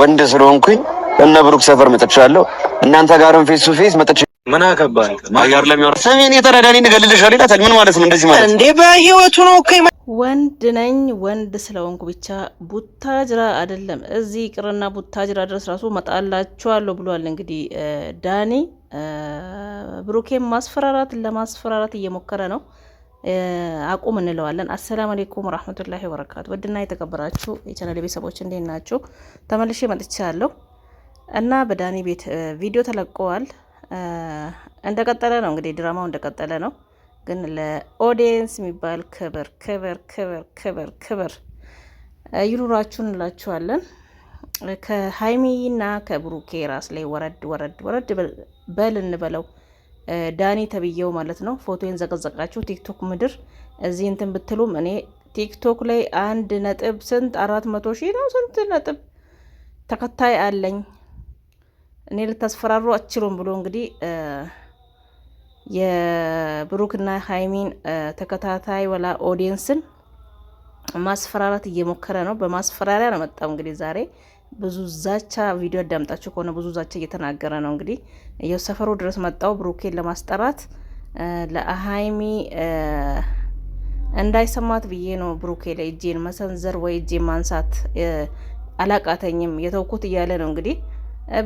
ወንድ ስለሆንኩኝ እነ ብሩክ ሰፈር መጥቻለሁ። እናንተ ጋርም ፌስ ቱ ፌስ መጥቻለሁ። ምን አከባል ማያር ለሚወር ሰሜን የተረዳኒ ንገልልሻል ይላታል። ምን ማለት ነው? እንደዚህ ማለት እንዴ? በህይወቱ ነው እኮ ወንድ ነኝ ወንድ ስለሆንኩ ብቻ ቡታጅራ አይደለም እዚህ ቅርና ቡታጅራ ድረስ ራሱ መጣላችኋለሁ ብሏል። እንግዲህ ዳኒ ብሩኬን ማስፈራራት ለማስፈራራት እየሞከረ ነው። አቁም እንለዋለን። አሰላሙ አሌይኩም ወራህመቱላሂ ወበረካቱ። ውድና የተከበራችሁ የቻናል ቤተሰቦች እንዴት ናችሁ? ተመልሼ መጥቻለሁ እና በዳኒ ቤት ቪዲዮ ተለቀዋል። እንደቀጠለ ነው እንግዲህ ድራማው እንደቀጠለ ነው። ግን ለኦዲየንስ የሚባል ክብር ክብር ክብር ክብር ክብር ይኑራችሁ እንላችኋለን። ከሀይሚና ከብሩኬ ራስ ላይ ወረድ ወረድ ወረድ በል እንበለው ዳኒ ተብዬው ማለት ነው ፎቶን ዘቀዘቃችሁ ቲክቶክ ምድር እዚህ እንትን ብትሉም እኔ ቲክቶክ ላይ አንድ ነጥብ ስንት አራት መቶ ሺህ ነው ስንት ነጥብ ተከታይ አለኝ እኔ ልታስፈራሩ አችሉም ብሎ እንግዲህ የብሩክና ሀይሚን ተከታታይ ወላ ኦዲየንስን ማስፈራራት እየሞከረ ነው። በማስፈራሪያ ነው መጣው እንግዲህ ዛሬ ብዙ ዛቻ ቪዲዮ አዳምጣችሁ ከሆነ ብዙ ዛቻ እየተናገረ ነው። እንግዲህ የው ሰፈሩ ድረስ መጣው ብሩኬን ለማስጠራት ለሀይሚ እንዳይሰማት ብዬ ነው ብሩኬ ላይ እጄን መሰንዘር ወይ እጄን ማንሳት አላቃተኝም የተውኩት እያለ ነው እንግዲህ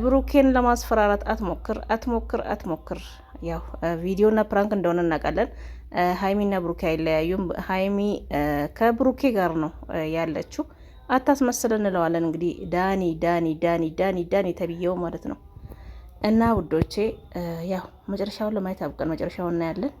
ብሩኬን ለማስፈራራት አትሞክር አትሞክር አትሞክር። ያው ቪዲዮና ፕራንክ እንደሆነ እናውቃለን። ሀይሚና ብሩኬ አይለያዩም። ሀይሚ ከብሩኬ ጋር ነው ያለችው። አታስመስል እንለዋለን። እንግዲህ ዳኒ ዳኒ ዳኒ ዳኒ ዳኒ ተብዬው ማለት ነው። እና ውዶቼ ያው መጨረሻውን ለማየት አብቀን መጨረሻውን እናያለን።